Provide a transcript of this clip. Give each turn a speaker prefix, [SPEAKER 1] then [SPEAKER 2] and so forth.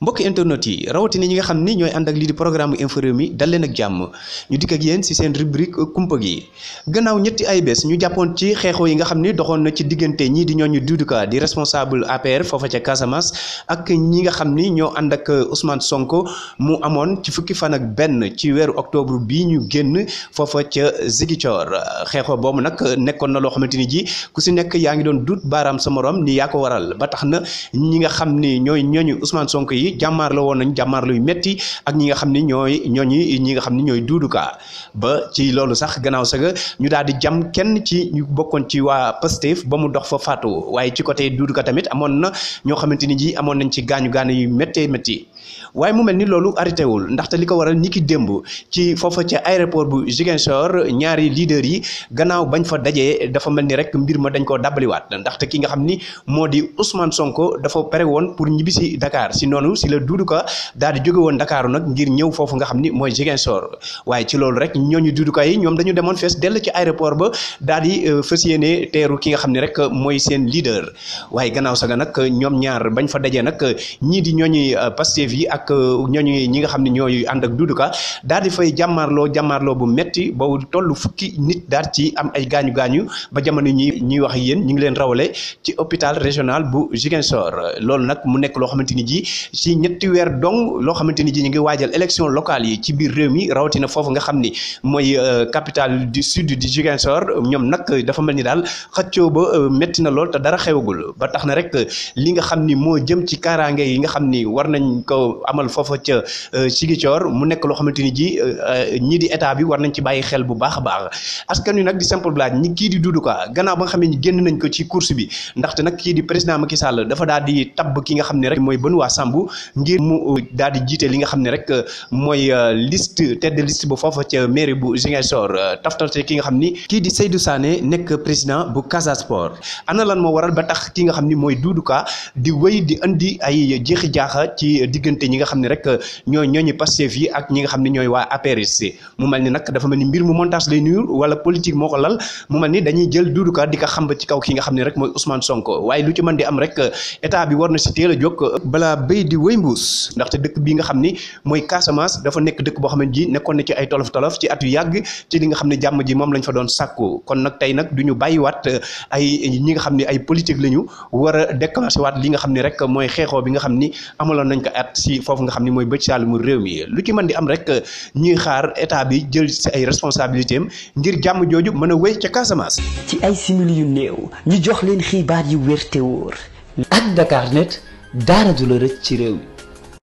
[SPEAKER 1] mbokki internet yi rawatina ñi nga xam ni ñooy ànd ak lii di programme info Rewmi dal leen jàmm ñu dikk ak yéen ci seen rubrique kumpa gi gannaaw ñetti ay bés ñu jàppoon ci xeexoo yi nga xam ni doxoon na ci diggante ñii di ñooñu Doudou Ka di responsable APR foofa ca Casamance ak ñi nga xam ni ñoo ànd ak Ousmane sonk mu amoon ci fukki fan ak benn ci weeru octobre bii ñu génn foofa ca Ziguinchor xeexoo boobu nag nekkoon na loo xamante ni ji ku si nekk yaa ngi doon duut baaraam sa moroom ni yaa ko waral ba tax na ñi nga xam ni ñooy ñooñu Ousmane sonk yi ni jàmmaarloo woon nañ jàmmaarloo yu métti ak ñi nga xam ni ñooy ñooñi ñi nga xam ni ñooy duudukaa ba ci loolu sax gannaaw saga ñu daal di jam kenn ci ñu bokkoon ci waa Pastef ba mu dox fa faatu waaye ci côté duuduka tamit amoon na ñoo xamante ni ji amoon nañ ci gaañu gaañu yu méttee métti waaye mu mel ni loolu arrêté wul ndaxte li ko waral ñi ki démb ci foofa ci aéroport bu Ziguinchor ñaari leaders yi gannaaw bañ fa dajee dafa mel ni rek mbir ma dañ koo dabbaliwaat ndaxte ki nga xam ni moo di Ousmane Sonko dafa pare pour ñibbisi Dakar si noonu ci la Doudou Ka daal di jóge woon Dakar nag ngir ñëw foofu nga xam ni mooy soor waaye ci loolu rek ñooñu Doudou Ka yi ñoom dañu demoon fees dell ci aéroport ba daal di euh, yéene teeru ki nga xam ne rek mooy seen leader waaye gannaaw saga nag ñoom bañ fa dajee nag ñii di ñooñuy euh, Pastef yi ak euh, ñooñu ñi nga xam ne ñooy ànd ak Doudou daal di fay jàmmaarloo jàmmaarloo bu metti ba toll fukki nit daal ci am ay gaañu gaañu ba jamono ñi ñuy wax yéen ñu ngi leen rawale ci hôpital régional bu Ziguinchor loolu nag mu nekk loo xamante ni ji ci ñetti weer dong loo xamante ni ji ñu ngi waajal élection locale yi ci biir réew mi rawatina foofu nga xam ni mooy euh, capitale du sud du Ziguinchor ñoom nag dafa mel ni daal xëccoo ba euh, métti na lool te dara xewagul ba tax na rek euh, li nga xam ni moo jëm ci kaaraange yi nga xam ni war nañ ko amal foofa ca Ziguinchor mu nekk loo xamante ni ji ñii di état bi war nañ ci bàyyi xel bu baax a baax askan wi nag di simple blague ñi kii di Doudou Ka gannaaw ba nga xam ne nañ ko ci course bi ndaxte nag kii di président Macky Sall dafa daal di tabb ki nga xam ne rek mooy Benoît Sambou ngir mu daal di jiite li nga xam ne rek euh, mooy euh, list tête de bu foofa ca mairie bu Ziguinchor euh, taftal ci ki nga xam ni kii di Seydou Sané nekk président bu Casa Sport ana lan moo waral ba tax ki nga xam ni mooy Doudou Ka di wéy di andi ay jeexi jaaxa ci diggante ñi nga xam ne rek ñooy ñooñu Pastef yi ak ñi nga xam ne ñooy waa APRC mu mel ni nag dafa mel ni mbir mu montage lay nuyul wala politique moo ko lal mu mel dañuy jël Doudou Ka di ko xamba ci kaw ki nga xam ne rek mooy Ousmane Sonko waaye lu ci mën di am rek état bi war na si teel a balaa béy di wéy mbuus ndaxte dëkk bi nga xam ni mooy Casamance dafa nekk dëkk boo xam ne ji nekkoon na ci ay tolof tolof ci at yu yàgg ci li nga xam ne jàmm ji moom lañ fa doon sàkku kon nag tey nag du ñu bàyyiwaat eh, ay ñi nga xam ne ay politique la ñu war a déclenché li nga xam ne rek mooy xeexoo bi nga xam ni amaloon nañ ko at si foofu nga xam ni mooy bëj saalumu réew mi lu ci mën di am rek ñi xaar état bi jël si ay responsabilité am ngir jàmm jooju mën a wéy ca Casamance. ci ay simili yu néew ñu jox leen xibaar yu wér te wóor. ak daara du la rëcc ci réew mi